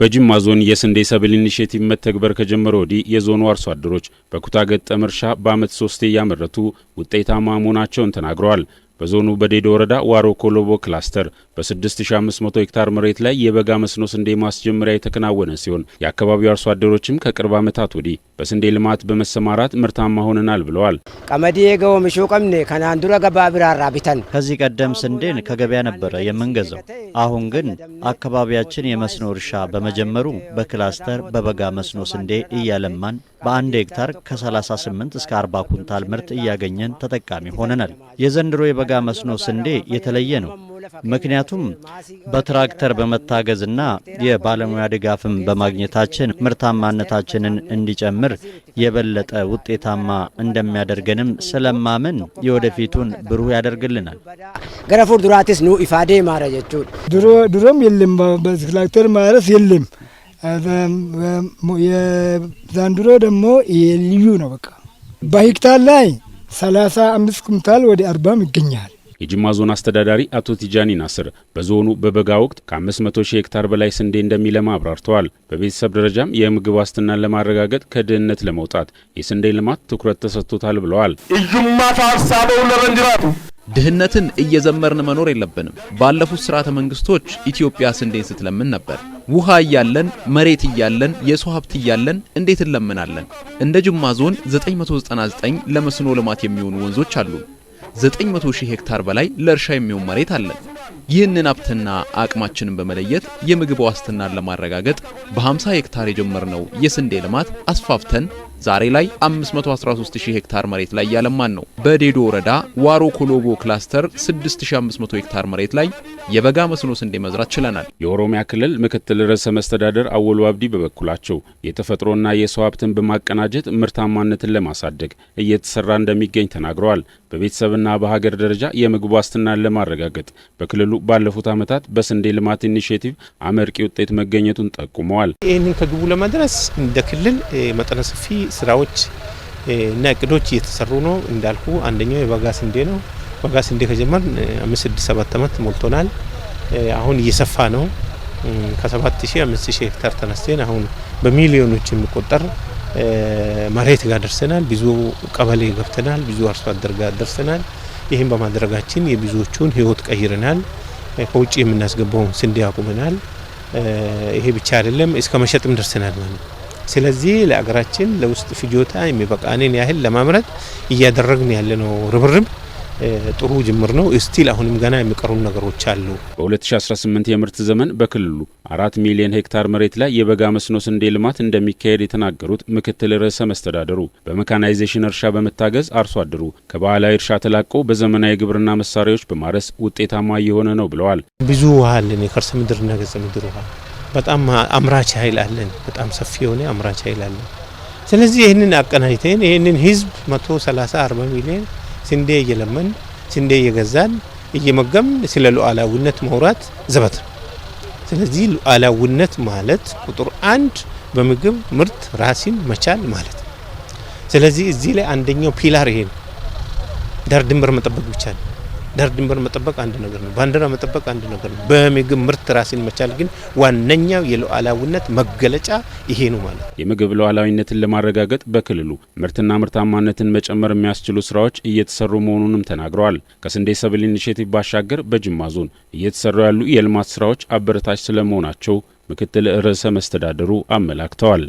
በጅማ ዞን የስንዴ ሰብል ኢኒሽቲቭ መተግበር ከጀመረ ወዲህ የዞኑ አርሶ አደሮች በኩታ ገጠም እርሻ በዓመት ሶስቴ እያመረቱ ውጤታማ መሆናቸውን ተናግረዋል። በዞኑ በዴዶ ወረዳ ዋሮ ኮሎቦ ክላስተር በ6500 ሄክታር መሬት ላይ የበጋ መስኖ ስንዴ ማስጀመሪያ የተከናወነ ሲሆን የአካባቢው አርሶ አደሮችም ከቅርብ ዓመታት ወዲህ በስንዴ ልማት በመሰማራት ምርታማ ሆነናል ብለዋል። ቀመዲ የገው ምሹ ቀምኔ ከናንዱረ ገባ ብራራ ቢተን ከዚህ ቀደም ስንዴን ከገበያ ነበረ የምንገዛው። አሁን ግን አካባቢያችን የመስኖ እርሻ በመጀመሩ በክላስተር በበጋ መስኖ ስንዴ እያለማን በአንድ ሄክታር ከ38 እስከ 40 ኩንታል ምርት እያገኘን ተጠቃሚ ሆነናል። የዘንድሮ የበጋ መስኖ ስንዴ የተለየ ነው። ምክንያቱም በትራክተር በመታገዝና የባለሙያ ድጋፍም በማግኘታችን ምርታማነታችንን እንዲጨምር የበለጠ ውጤታማ እንደሚያደርገንም ስለማምን የወደፊቱን ብሩህ ያደርግልናል። ገረፉር ዱራቲስ ኑ ኢፋዴ ማረ ጀቹ ድሮም የለም በትራክተር ማረስ የለም። የዛንድሮ ደግሞ ልዩ ነው። በቃ በሄክታር ላይ ሰላሳ አምስት ኩንታል ወደ አርባም ይገኛል። የጅማ ዞን አስተዳዳሪ አቶ ቲጃኒ ናስር በዞኑ በበጋ ወቅት ከ500 ሺህ ሄክታር በላይ ስንዴ እንደሚለማ አብራርተዋል። በቤተሰብ ደረጃም የምግብ ዋስትናን ለማረጋገጥ ከድህነት ለመውጣት የስንዴ ልማት ትኩረት ተሰጥቶታል ብለዋል። ፋርሳ ድህነትን እየዘመርን መኖር የለብንም። ባለፉት ስርዓተ መንግስቶች ኢትዮጵያ ስንዴን ስትለምን ነበር። ውሃ እያለን መሬት እያለን የሰው ሀብት እያለን እንዴት እንለምናለን? እንደ ጅማ ዞን 999 ለመስኖ ልማት የሚሆኑ ወንዞች አሉ። 900 ሺህ ሄክታር በላይ ለእርሻ የሚሆን መሬት አለን። ይህንን ሀብትና አቅማችንን በመለየት የምግብ ዋስትናን ለማረጋገጥ በ50 ሄክታር የጀመርነው የስንዴ ልማት አስፋፍተን ዛሬ ላይ 513000 ሄክታር መሬት ላይ ያለማን ነው። በዴዶ ወረዳ ዋሮ ኮሎቦ ክላስተር 6500 ሄክታር መሬት ላይ የበጋ መስኖ ስንዴ መዝራት ችለናል። የኦሮሚያ ክልል ምክትል ርዕሰ መስተዳደር አወሉ አብዲ በበኩላቸው የተፈጥሮና የሰው ሀብትን በማቀናጀት ምርታማነትን ለማሳደግ እየተሰራ እንደሚገኝ ተናግረዋል። በቤተሰብና በሀገር ደረጃ የምግብ ዋስትናን ለማረጋገጥ በክልሉ ባለፉት ዓመታት በስንዴ ልማት ኢኒሽቲቭ አመርቂ ውጤት መገኘቱን ጠቁመዋል። ይህንን ከግቡ ለማድረስ እንደ ክልል መጠነ ሰፊ ስራዎች እና እቅዶች እየተሰሩ ነው። እንዳልኩ አንደኛው የበጋ ስንዴ ነው። በጋ ስንዴ ከጀመር አምስት ስድስት ሰባት አመት ሞልቶናል። አሁን እየሰፋ ነው። ከሰባት ሺህ አምስት ሺህ ሄክታር ተነስተን አሁን በሚሊዮኖች የሚቆጠር መሬት ጋር ደርሰናል። ብዙ ቀበሌ ገብተናል። ብዙ አርሶ አደር ጋር ደርሰናል። ይህም በማድረጋችን የብዙዎቹን ህይወት ቀይረናል። ከውጭ የምናስገባውን ስንዴ አቁመናል። ይሄ ብቻ አይደለም፣ እስከ መሸጥም ደርሰናል ማለት ነው። ስለዚህ ለሀገራችን ለውስጥ ፍጆታ የሚበቃንን ያህል ለማምረት እያደረግን ነው ርብርብ ጥሩ ጅምር ነው። እስቲል አሁንም ገና የሚቀሩ ነገሮች አሉ። በ2018 የምርት ዘመን በክልሉ አራት ሚሊዮን ሄክታር መሬት ላይ የበጋ መስኖ ስንዴ ልማት እንደሚካሄድ የተናገሩት ምክትል ርዕሰ መስተዳደሩ በመካናይዜሽን እርሻ በመታገዝ አርሶ አደሩ ከባህላዊ እርሻ ተላቆ በዘመናዊ ግብርና መሳሪያዎች በማረስ ውጤታማ እየሆነ ነው ብለዋል። ብዙ ውሃ አለን። የከርሰ ምድርና ገጸ ምድር ውሃ በጣም አምራች ኃይል አለን። በጣም ሰፊ የሆነ አምራች ኃይል አለን። ስለዚህ ይህንን አቀናጅተን ይህንን ህዝብ መቶ ሰላሳ አርባ ሚሊዮን ስንዴ እየለመን ስንዴ እየገዛን እየመገምን ስለ ሉዓላዊነት ማውራት ዘበት ነው። ስለዚህ ሉዓላዊነት ማለት ቁጥር አንድ በምግብ ምርት ራሲን መቻል ማለት ነው። ስለዚህ እዚህ ላይ አንደኛው ፒላር ይሄ ነው። ዳር ድንበር መጠበቅ ብቻ ነው። ዳር ድንበር መጠበቅ አንድ ነገር ነው። ባንዲራ መጠበቅ አንድ ነገር ነው። በምግብ ምርት ራስን መቻል ግን ዋነኛው የሉዓላዊነት መገለጫ ይሄ ነው ማለት ነው። የምግብ ሉዓላዊነትን ለማረጋገጥ በክልሉ ምርትና ምርታማነትን መጨመር የሚያስችሉ ስራዎች እየተሰሩ መሆኑንም ተናግረዋል። ከስንዴ ሰብል ኢኒሽቲቭ ባሻገር በጅማ ዞን እየተሰሩ ያሉ የልማት ስራዎች አበረታች ስለመሆናቸው ምክትል ርዕሰ መስተዳድሩ አመላክተዋል።